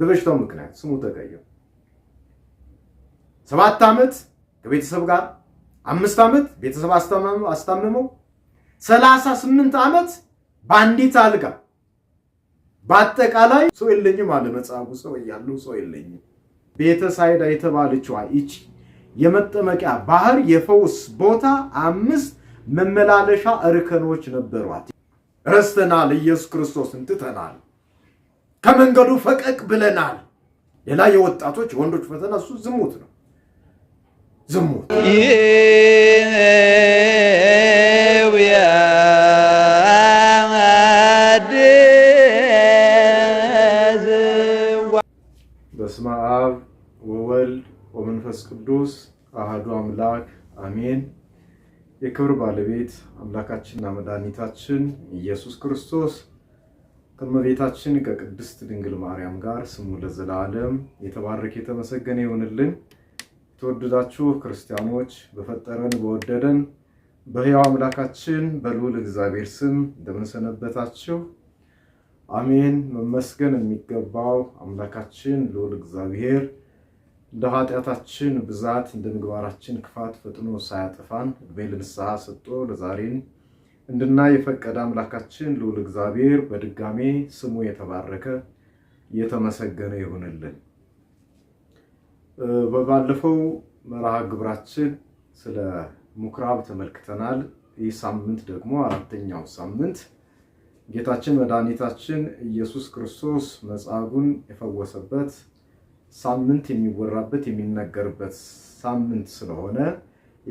በበሽታው ምክንያት ስሙ ተቀየረ። ሰባት ዓመት ከቤተሰብ ጋር አምስት ዓመት ቤተሰብ አስታመመው። ሰላሳ ስምንት ዓመት በአንዲት አልጋ በአጠቃላይ ሰው የለኝም አለ መጽሐፉ። ሰው እያሉ ሰው የለኝም። ቤተ ሳይዳ የተባለችዋ ይቺ የመጠመቂያ ባህር የፈውስ ቦታ አምስት መመላለሻ እርከኖች ነበሯት። ረስተናል፣ ኢየሱስ ክርስቶስን ትተናል። ከመንገዱ ፈቀቅ ብለናል። ሌላ የወጣቶች የወንዶች ፈተና እሱ ዝሙት ነው። ዝሙት በስመ አብ ወወልድ ወመንፈስ ቅዱስ አህዱ አምላክ አሜን። የክብር ባለቤት አምላካችንና መድኃኒታችን ኢየሱስ ክርስቶስ ከእመቤታችን ከቅድስት ድንግል ማርያም ጋር ስሙ ለዘላለም የተባረከ የተመሰገነ ይሁንልን። የተወደዳችሁ ክርስቲያኖች በፈጠረን በወደደን በሕያው አምላካችን በልዑል እግዚአብሔር ስም እንደምንሰነበታችሁ አሜን። መመስገን የሚገባው አምላካችን ልዑል እግዚአብሔር እንደ ኃጢአታችን ብዛት እንደ ምግባራችን ክፋት ፈጥኖ ሳያጠፋን ዕድሜ ለንስሐ ሰጥቶ ለዛሬን እንድና የፈቀደ አምላካችን ልዑል እግዚአብሔር በድጋሜ ስሙ የተባረከ የተመሰገነ ይሁንልን። በባለፈው መርሃ ግብራችን ስለ ምኩራብ ተመልክተናል። ይህ ሳምንት ደግሞ አራተኛው ሳምንት ጌታችን መድኃኒታችን ኢየሱስ ክርስቶስ መጻጉዕን የፈወሰበት ሳምንት የሚወራበት የሚነገርበት ሳምንት ስለሆነ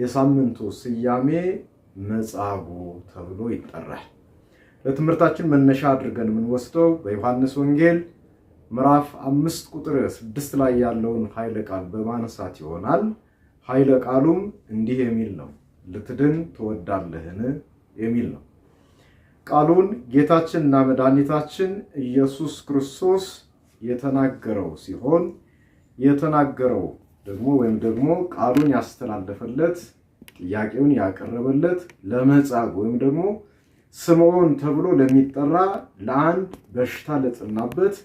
የሳምንቱ ስያሜ መጻጉዕ ተብሎ ይጠራል። ለትምህርታችን መነሻ አድርገን የምንወስደው በዮሐንስ ወንጌል ምዕራፍ አምስት ቁጥር ስድስት ላይ ያለውን ኃይለ ቃል በማንሳት ይሆናል። ኃይለ ቃሉም እንዲህ የሚል ነው፣ ልትድን ትወዳለህን የሚል ነው። ቃሉን ጌታችንና መድኃኒታችን ኢየሱስ ክርስቶስ የተናገረው ሲሆን የተናገረው ደግሞ ወይም ደግሞ ቃሉን ያስተላለፈለት ጥያቄውን ያቀረበለት ለመጻግ ወይም ደግሞ ስምዖን ተብሎ ለሚጠራ ለአንድ በሽታ ለጸናበት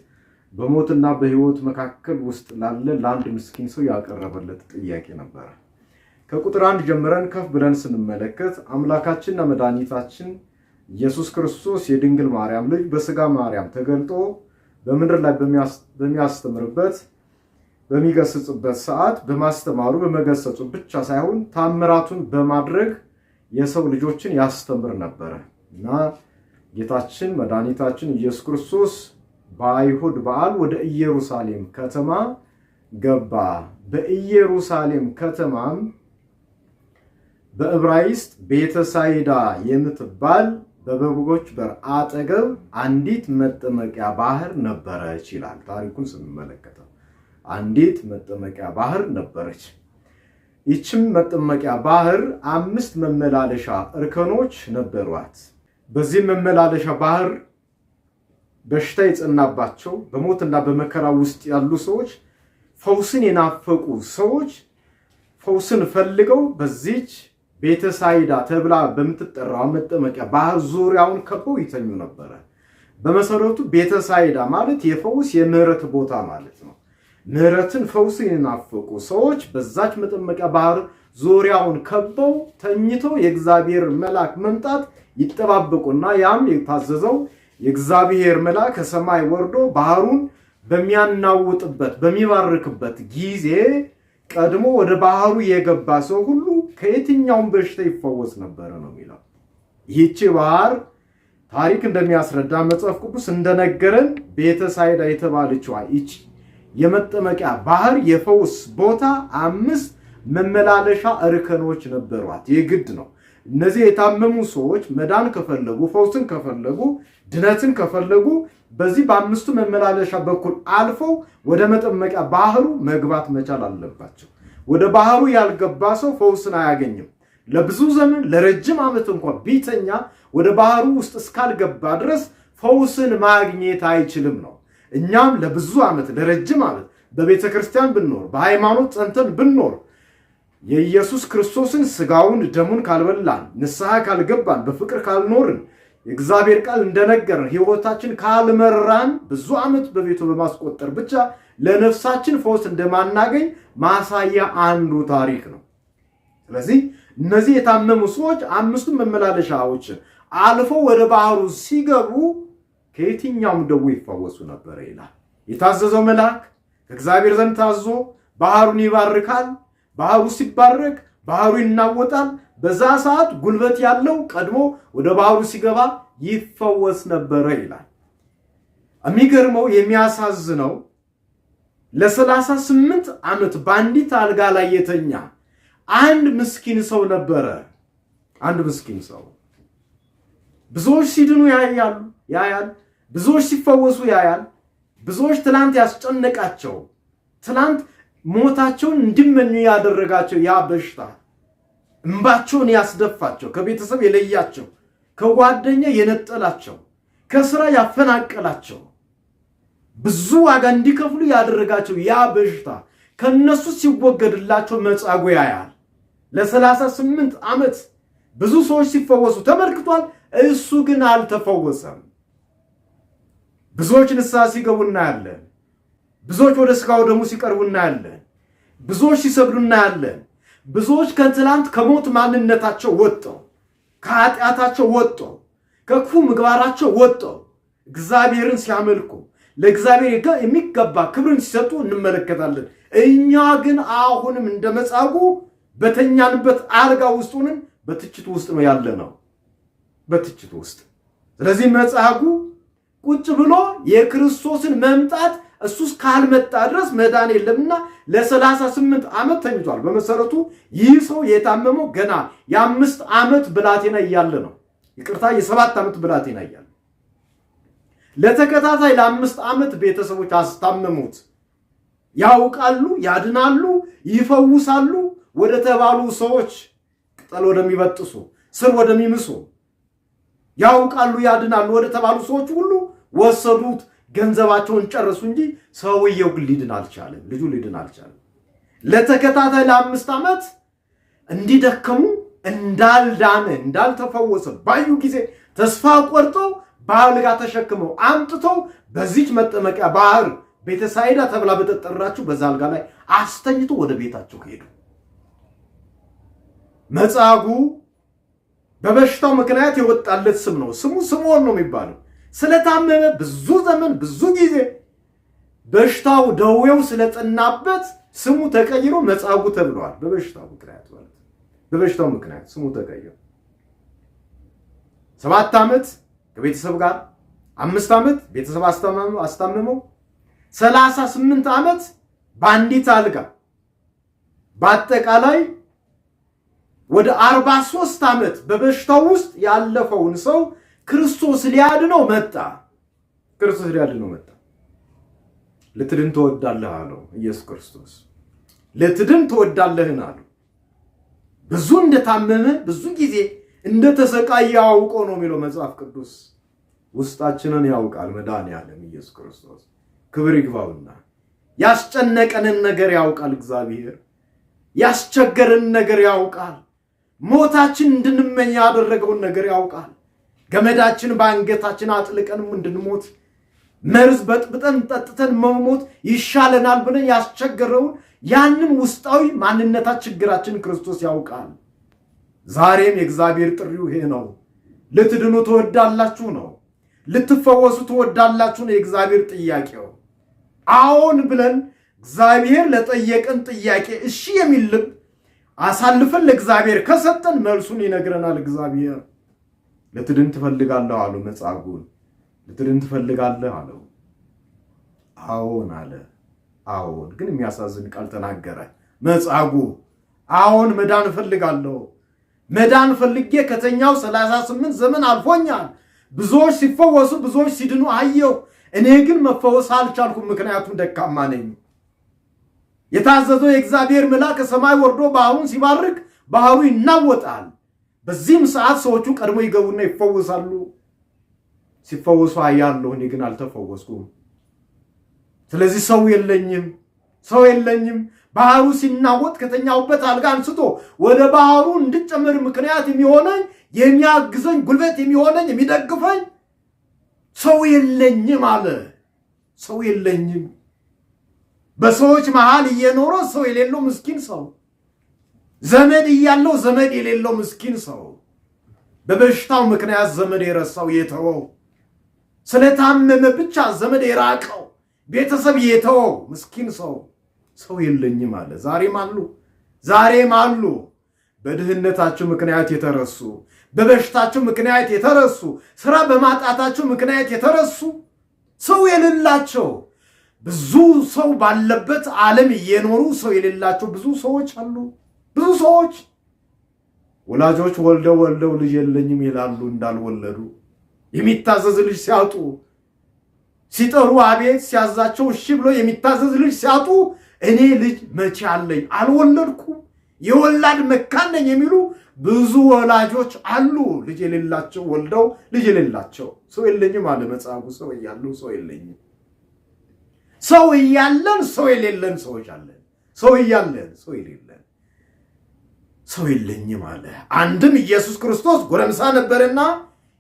በሞትና በሕይወት መካከል ውስጥ ላለ ለአንድ ምስኪን ሰው ያቀረበለት ጥያቄ ነበረ። ከቁጥር አንድ ጀምረን ከፍ ብለን ስንመለከት አምላካችንና መድኃኒታችን ኢየሱስ ክርስቶስ የድንግል ማርያም ልጅ በስጋ ማርያም ተገልጦ በምድር ላይ በሚያስተምርበት በሚገስጽበት ሰዓት በማስተማሩ በመገሰጹ ብቻ ሳይሆን ታምራቱን በማድረግ የሰው ልጆችን ያስተምር ነበረ እና ጌታችን መድኃኒታችን ኢየሱስ ክርስቶስ በአይሁድ በዓል ወደ ኢየሩሳሌም ከተማ ገባ። በኢየሩሳሌም ከተማም በዕብራይስጥ ቤተሳይዳ የምትባል በበጎች በር አጠገብ አንዲት መጠመቂያ ባህር ነበረች ይላል ታሪኩን ስንመለከተው አንዲት መጠመቂያ ባህር ነበረች። ይችም መጠመቂያ ባህር አምስት መመላለሻ እርከኖች ነበሯት። በዚህ መመላለሻ ባህር በሽታ የጸናባቸው በሞትና በመከራ ውስጥ ያሉ ሰዎች፣ ፈውስን የናፈቁ ሰዎች ፈውስን ፈልገው በዚች ቤተሳይዳ ተብላ በምትጠራው መጠመቂያ ባህር ዙሪያውን ከበው ይተኙ ነበረ። በመሰረቱ ቤተሳይዳ ማለት የፈውስ የምህረት ቦታ ማለት ነው። ምሕረትን ፈውስን የናፈቁ ሰዎች በዛች መጠመቂያ ባህር ዙሪያውን ከበው ተኝተው የእግዚአብሔር መልአክ መምጣት ይጠባበቁና ያም የታዘዘው የእግዚአብሔር መልአክ ከሰማይ ወርዶ ባህሩን በሚያናውጥበት በሚባርክበት ጊዜ ቀድሞ ወደ ባህሩ የገባ ሰው ሁሉ ከየትኛውም በሽታ ይፈወስ ነበረ ነው የሚለው። ይህቺ ባህር ታሪክ እንደሚያስረዳ መጽሐፍ ቅዱስ እንደነገረን ቤተሳይዳ የተባለችዋ ይች የመጠመቂያ ባህር የፈውስ ቦታ አምስት መመላለሻ እርከኖች ነበሯት። ይህ ግድ ነው። እነዚህ የታመሙ ሰዎች መዳን ከፈለጉ ፈውስን ከፈለጉ ድነትን ከፈለጉ በዚህ በአምስቱ መመላለሻ በኩል አልፈው ወደ መጠመቂያ ባህሩ መግባት መቻል አለባቸው። ወደ ባህሩ ያልገባ ሰው ፈውስን አያገኝም። ለብዙ ዘመን ለረጅም ዓመት እንኳን ቢተኛ ወደ ባህሩ ውስጥ እስካልገባ ድረስ ፈውስን ማግኘት አይችልም ነው። እኛም ለብዙ ዓመት ለረጅም ዓመት በቤተ ክርስቲያን ብንኖር በሃይማኖት ጸንተን ብንኖር የኢየሱስ ክርስቶስን ስጋውን ደሙን ካልበላን ንስሐ ካልገባን በፍቅር ካልኖርን የእግዚአብሔር ቃል እንደነገርን ሕይወታችን ካልመራን ብዙ ዓመት በቤቱ በማስቆጠር ብቻ ለነፍሳችን ፈውስ እንደማናገኝ ማሳያ አንዱ ታሪክ ነው። ስለዚህ እነዚህ የታመሙ ሰዎች አምስቱን መመላለሻዎችን አልፈው ወደ ባህሩ ሲገቡ ከየትኛውም ደዌ ይፈወሱ ነበር ይላል። የታዘዘው መልአክ ከእግዚአብሔር ዘንድ ታዞ ባህሩን ይባርካል። ባህሩ ሲባረክ ባህሩ ይናወጣል። በዛ ሰዓት ጉልበት ያለው ቀድሞ ወደ ባህሩ ሲገባ ይፈወስ ነበረ ይላል። የሚገርመው የሚያሳዝነው ለሰላሳ ስምንት ዓመት በአንዲት አልጋ ላይ የተኛ አንድ ምስኪን ሰው ነበረ። አንድ ምስኪን ሰው ብዙዎች ሲድኑ ያያሉ ያያል። ብዙዎች ሲፈወሱ ያያል። ብዙዎች ትላንት ያስጨነቃቸው ትላንት ሞታቸውን እንዲመኙ ያደረጋቸው ያ በሽታ እምባቸውን ያስደፋቸው፣ ከቤተሰብ የለያቸው፣ ከጓደኛ የነጠላቸው፣ ከስራ ያፈናቀላቸው፣ ብዙ ዋጋ እንዲከፍሉ ያደረጋቸው ያ በሽታ ከነሱ ሲወገድላቸው መጻጉ ያያል። ለሰላሳ ስምንት ዓመት ብዙ ሰዎች ሲፈወሱ ተመልክቷል። እሱ ግን አልተፈወሰም። ብዙዎች ንስሐ ሲገቡ እናያለን። ብዙዎች ወደ ሥጋው ደሙ ሲቀርቡ እናያለን። ብዙዎች ሲሰግዱ እናያለን። ብዙዎች ከትላንት ከሞት ማንነታቸው ወጥተው ከኃጢአታቸው ወጥተው ከክፉ ምግባራቸው ወጥተው እግዚአብሔርን ሲያመልኩ ለእግዚአብሔር የሚገባ ክብርን ሲሰጡ እንመለከታለን። እኛ ግን አሁንም እንደ መጻጉ በተኛንበት አልጋ ውስጥ ሆነን በትችት ውስጥ ነው ያለ ነው፣ በትችት ውስጥ ስለዚህ መጻጉ ቁጭ ብሎ የክርስቶስን መምጣት እሱ እስካልመጣ ድረስ መዳን የለምና ለ38 ዓመት ተኝቷል። በመሰረቱ ይህ ሰው የታመመው ገና የአምስት ዓመት ብላቴና እያለ ነው። ይቅርታ የሰባት ዓመት ብላቴና እያለ ለተከታታይ ለአምስት ዓመት ቤተሰቦች አስታመሙት። ያውቃሉ፣ ያድናሉ፣ ይፈውሳሉ ወደ ተባሉ ሰዎች ቅጠል ወደሚበጥሱ ስር ወደሚምሱ ያውቃሉ፣ ያድናሉ ወደ ተባሉ ሰዎች ሁሉ ወሰዱት፣ ገንዘባቸውን ጨረሱ እንጂ ሰውየው ግን ሊድን አልቻለም። ልጁ ሊድን አልቻለም። ለተከታታይ ለአምስት ዓመት እንዲደከሙ እንዳልዳነ እንዳልተፈወሰ ባዩ ጊዜ ተስፋ ቆርጠው በአልጋ ተሸክመው አምጥተው በዚች መጠመቂያ ባህር ቤተሳይዳ ተብላ በተጠራችው በዛ አልጋ ላይ አስተኝቶ ወደ ቤታቸው ሄዱ። መጻጉዕ በበሽታው ምክንያት የወጣለት ስም ነው። ስሙ ስምዖን ነው የሚባለው። ስለታመመ ብዙ ዘመን ብዙ ጊዜ በሽታው ደዌው ስለጠናበት ስሙ ተቀይሮ መጻጉዕ ተብሏል። በበሽታው ምክንያት ማለት በበሽታው ምክንያት ስሙ ተቀይሮ ሰባት ዓመት ከቤተሰብ ጋር አምስት ዓመት ቤተሰብ አስታምመው ሰላሳ ስምንት ዓመት በአንዲት አልጋ በአጠቃላይ ወደ አርባ ሦስት ዓመት በበሽታው ውስጥ ያለፈውን ሰው ክርስቶስ ሊያድነው መጣ። ክርስቶስ ሊያድነው መጣ። ልትድን ትወዳለህ አለው ኢየሱስ ክርስቶስ። ልትድን ትወዳለህን አለው። ብዙ እንደታመመ ብዙ ጊዜ እንደተሰቃየ አውቆ ነው የሚለው መጽሐፍ ቅዱስ። ውስጣችንን ያውቃል መድኃኒዓለም ኢየሱስ ክርስቶስ። ክብር ይግባውና ያስጨነቀንን ነገር ያውቃል እግዚአብሔር። ያስቸገረን ነገር ያውቃል። ሞታችን እንድንመኝ ያደረገውን ነገር ያውቃል። ገመዳችን በአንገታችን አጥልቀን እንድንሞት መርዝ በጥብጠን ጠጥተን መሞት ይሻለናል ብለን ያስቸገረውን ያንም ውስጣዊ ማንነታት ችግራችን ክርስቶስ ያውቃል። ዛሬም የእግዚአብሔር ጥሪው ይሄ ነው። ልትድኑ ትወዳላችሁ ነው። ልትፈወሱ ትወዳላችሁ ነው የእግዚአብሔር ጥያቄው። አዎን ብለን እግዚአብሔር ለጠየቀን ጥያቄ እሺ የሚል ልብ አሳልፈን ለእግዚአብሔር ከሰጠን መልሱን ይነግረናል እግዚአብሔር። ልትድን ትፈልጋለሁ አሉ መጻጉዕን። ልትድን ትፈልጋለህ አለው። አዎን አለ። አዎን ግን የሚያሳዝን ቃል ተናገረ መጻጉዕ። አዎን መዳን እፈልጋለሁ። መዳን ፈልጌ ከተኛው 38 ዘመን አልፎኛል። ብዙዎች ሲፈወሱ፣ ብዙዎች ሲድኑ አየሁ። እኔ ግን መፈወስ አልቻልኩም፣ ምክንያቱም ደካማ ነኝ። የታዘዘው የእግዚአብሔር መልአክ ከሰማይ ወርዶ ባህሩን ሲባርክ ባህሩ ይናወጣል። በዚህም ሰዓት ሰዎቹ ቀድሞ ይገቡና ይፈወሳሉ። ሲፈወሱ አያለሁ፣ እኔ ግን አልተፈወስኩም። ስለዚህ ሰው የለኝም፣ ሰው የለኝም። ባህሩ ሲናወጥ ከተኛሁበት አልጋ አንስቶ ወደ ባህሩ እንድጨምር ምክንያት የሚሆነኝ የሚያግዘኝ ጉልበት የሚሆነኝ የሚደግፈኝ ሰው የለኝም አለ። ሰው የለኝም። በሰዎች መሃል እየኖረ ሰው የሌለው ምስኪን ሰው ዘመድ እያለው ዘመድ የሌለው ምስኪን ሰው፣ በበሽታው ምክንያት ዘመድ የረሳው የተወው፣ ስለታመመ ብቻ ዘመድ የራቀው ቤተሰብ የተወው ምስኪን ሰው ሰው የለኝም አለ። ዛሬም አሉ፣ ዛሬም አሉ። በድህነታቸው ምክንያት የተረሱ፣ በበሽታቸው ምክንያት የተረሱ፣ ስራ በማጣታቸው ምክንያት የተረሱ ሰው የሌላቸው ብዙ ሰው ባለበት ዓለም እየኖሩ ሰው የሌላቸው ብዙ ሰዎች አሉ። ብዙ ሰዎች ወላጆች ወልደው ወልደው ልጅ የለኝም ይላሉ እንዳልወለዱ የሚታዘዝ ልጅ ሲያጡ ሲጠሩ አቤት ሲያዛቸው እሺ ብሎ የሚታዘዝ ልጅ ሲያጡ እኔ ልጅ መቼ አለኝ አልወለድኩም የወላድ መካን ነኝ የሚሉ ብዙ ወላጆች አሉ። ልጅ የሌላቸው ወልደው ልጅ የሌላቸው ሰው የለኝም አለ መጽሐፉ። ሰው እያሉ ሰው የለኝም፣ ሰው እያለን ሰው የሌለን ሰዎች አለን። ሰው እያለን ሰው የሌለን ሰው የለኝም አለ። አንድም ኢየሱስ ክርስቶስ ጎረምሳ ነበርና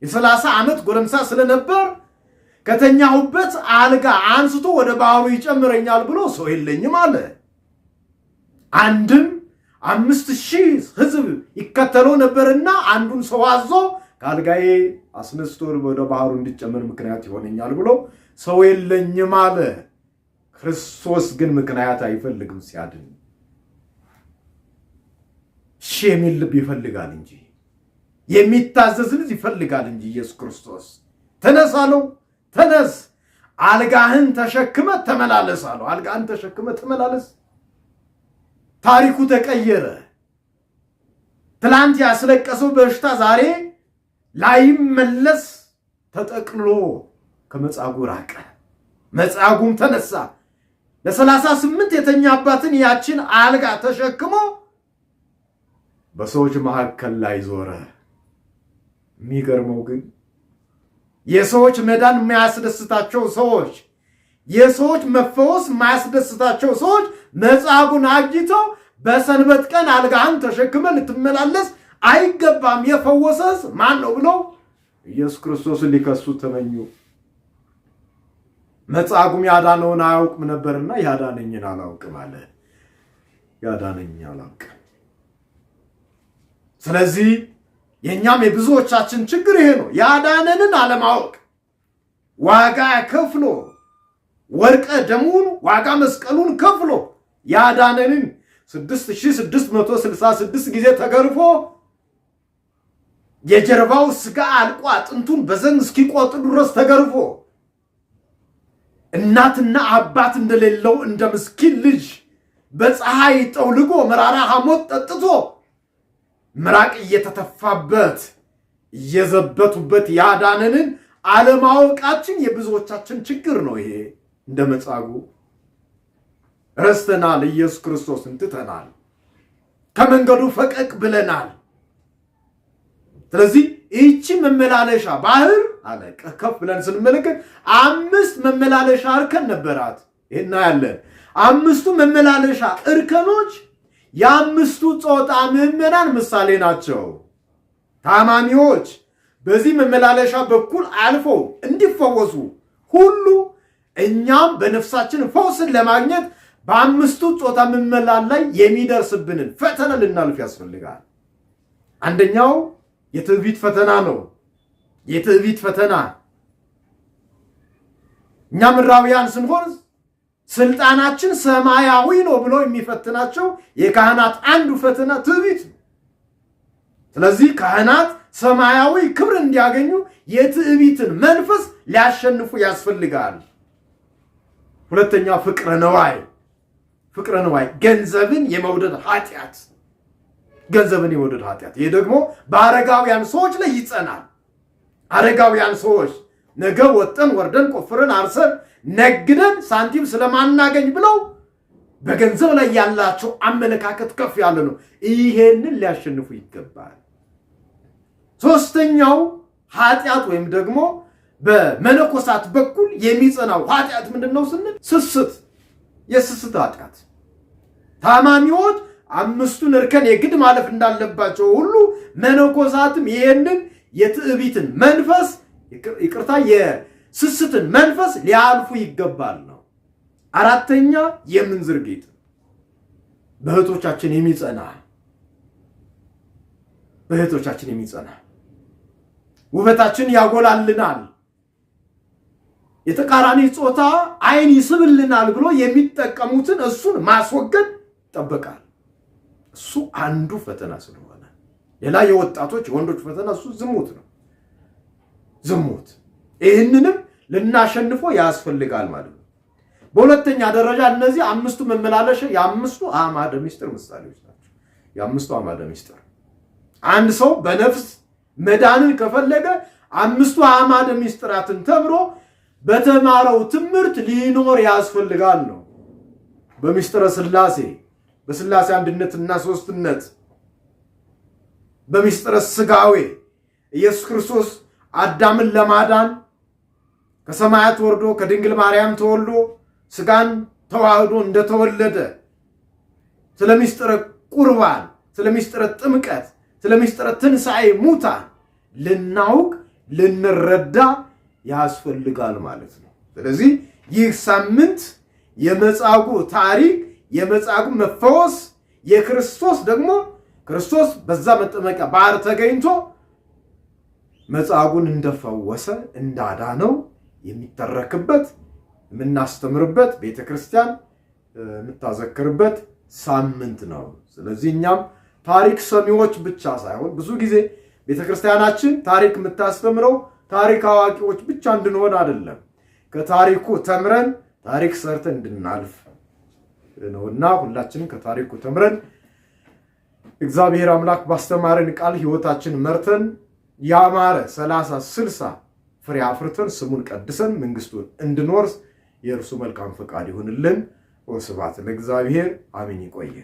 የሰላሳ ዓመት ጎረምሳ ስለነበር ከተኛሁበት አልጋ አንስቶ ወደ ባህሩ ይጨምረኛል ብሎ ሰው የለኝም አለ። አንድም አምስት ሺህ ሕዝብ ይከተለው ነበርና አንዱን ሰው አዞ ከአልጋዬ አስነስቶ ወደ ባህሩ እንዲጨመር ምክንያት ይሆነኛል ብሎ ሰው የለኝም አለ። ክርስቶስ ግን ምክንያት አይፈልግም ሲያድን የሚል ልብ ይፈልጋል እንጂ የሚታዘዝ ልጅ ይፈልጋል እንጂ ኢየሱስ ክርስቶስ ተነስ አለው። ተነስ አልጋህን ተሸክመ ተመላለስ አለው። አልጋህን ተሸክመ ተመላለስ። ታሪኩ ተቀየረ። ትላንት ያስለቀሰው በሽታ ዛሬ ላይመለስ ተጠቅሎ ከመጻጉ ራቀ። መጻጉም ተነሳ። ለሰላሳ ስምንት የተኛባትን ያችን አልጋ ተሸክሞ በሰዎች መካከል ላይ ዞረ። የሚገርመው ግን የሰዎች መዳን የማያስደስታቸው ሰዎች፣ የሰዎች መፈወስ የማያስደስታቸው ሰዎች መጻጉዕን አግኝተው በሰንበት ቀን አልጋህን ተሸክመ ልትመላለስ አይገባም፣ የፈወሰስ ማን ነው ብለው ኢየሱስ ክርስቶስን ሊከሱ ተመኙ። መጻጉዕም ያዳነውን አያውቅም ነበርና ያዳነኝን አላውቅም አለ። ያዳነኝ አላውቅም ስለዚህ የእኛም የብዙዎቻችን ችግር ይሄ ነው። ያዳነንን አለማወቅ ዋጋ ከፍሎ ወርቀ ደሙን ዋጋ መስቀሉን ከፍሎ ያዳነንን 6666 ጊዜ ተገርፎ የጀርባው ስጋ አልቆ አጥንቱን በዘንግ እስኪቆጥሩ ድረስ ተገርፎ እናትና አባት እንደሌለው እንደ ምስኪን ልጅ በፀሐይ ጠውልጎ መራራ ሐሞት ጠጥቶ ምራቅ እየተተፋበት እየዘበቱበት ያዳነንን አለማወቃችን የብዙዎቻችን ችግር ነው። ይሄ እንደ መጻጉዕ ረስተናል። ኢየሱስ ክርስቶስን ትተናል። ከመንገዱ ፈቀቅ ብለናል። ስለዚህ ይቺ መመላለሻ ባህር አለ ከፍ ብለን ስንመለከት አምስት መመላለሻ እርከን ነበራት። ይህና ያለን አምስቱ መመላለሻ እርከኖች የአምስቱ ጾታ ምዕመናን ምሳሌ ናቸው። ታማሚዎች በዚህ መመላለሻ በኩል አልፈው እንዲፈወሱ ሁሉ እኛም በነፍሳችን ፈውስን ለማግኘት በአምስቱ ጾታ ምዕመናን ላይ የሚደርስብንን ፈተና ልናልፍ ያስፈልጋል። አንደኛው የትዕቢት ፈተና ነው። የትዕቢት ፈተና እኛ ምድራውያን ስንሆን ስልጣናችን ሰማያዊ ነው ብሎ የሚፈትናቸው የካህናት አንዱ ፈተና ትዕቢት ነው። ስለዚህ ካህናት ሰማያዊ ክብር እንዲያገኙ የትዕቢትን መንፈስ ሊያሸንፉ ያስፈልጋል። ሁለተኛ ፍቅረ ነዋይ፣ ፍቅረ ነዋይ ገንዘብን የመውደድ ኃጢአት፣ ገንዘብን የመውደድ ኃጢአት። ይህ ደግሞ በአረጋውያን ሰዎች ላይ ይጸናል። አረጋውያን ሰዎች ነገ ወጠን ወርደን ቆፍረን አርሰን ነግደን ሳንቲም ስለማናገኝ ብለው በገንዘብ ላይ ያላቸው አመለካከት ከፍ ያለ ነው። ይሄንን ሊያሸንፉ ይገባል። ሶስተኛው ኃጢአት ወይም ደግሞ በመነኮሳት በኩል የሚጸናው ኃጢአት ምንድን ነው ስንል ስስት፣ የስስት ኃጢአት ታማሚዎች አምስቱን እርከን የግድ ማለፍ እንዳለባቸው ሁሉ መነኮሳትም ይሄንን የትዕቢትን መንፈስ ይቅርታ ስስትን መንፈስ ሊያልፉ ይገባል ነው። አራተኛ የምንዝር ጌጥ በእህቶቻችን የሚጸና በእህቶቻችን የሚጸና ውበታችን ያጎላልናል፣ የተቃራኒ ጾታ አይን ይስብልናል ብሎ የሚጠቀሙትን እሱን ማስወገድ ይጠበቃል። እሱ አንዱ ፈተና ስለሆነ ሌላ የወጣቶች የወንዶች ፈተና እሱ ዝሙት ነው። ዝሙት ይህንንም ልናሸንፎ ያስፈልጋል ማለት ነው። በሁለተኛ ደረጃ እነዚህ አምስቱ መመላለሻ የአምስቱ አእማደ ምስጢር ምሳሌዎች ናቸው። የአምስቱ አእማደ ምስጢር አንድ ሰው በነፍስ መዳንን ከፈለገ አምስቱ አእማደ ምስጢራትን ተምሮ በተማረው ትምህርት ሊኖር ያስፈልጋል ነው። በምስጢረ ስላሴ በስላሴ አንድነትና ሶስትነት፣ በምስጢረ ስጋዌ ኢየሱስ ክርስቶስ አዳምን ለማዳን ከሰማያት ወርዶ ከድንግል ማርያም ተወልዶ ስጋን ተዋህዶ እንደተወለደ ስለ ምስጢረ ቁርባን፣ ስለ ምስጢረ ጥምቀት፣ ስለ ምስጢረ ትንሣኤ ሙታን ልናውቅ ልንረዳ ያስፈልጋል ማለት ነው። ስለዚህ ይህ ሳምንት የመጻጉዕ ታሪክ የመጻጉዕ መፈወስ የክርስቶስ ደግሞ ክርስቶስ በዛ መጠመቂያ ባህር ተገኝቶ መጻጉዕን እንደፈወሰ እንዳዳነው የሚተረክበት የምናስተምርበት ቤተ ክርስቲያን የምታዘክርበት ሳምንት ነው። ስለዚህ እኛም ታሪክ ሰሚዎች ብቻ ሳይሆን ብዙ ጊዜ ቤተ ክርስቲያናችን ታሪክ የምታስተምረው ታሪክ አዋቂዎች ብቻ እንድንሆን አይደለም፣ ከታሪኩ ተምረን ታሪክ ሰርተን እንድናልፍ ነውና ሁላችንም ከታሪኩ ተምረን እግዚአብሔር አምላክ ባስተማረን ቃል ሕይወታችን መርተን ያማረ 3ሳ6። ፍሬ አፍርተን ስሙን ቀድሰን መንግስቱን እንድንወርስ የእርሱ መልካም ፈቃድ ይሁንልን። ወስብሐት ለእግዚአብሔር። አሜን። ይቆየ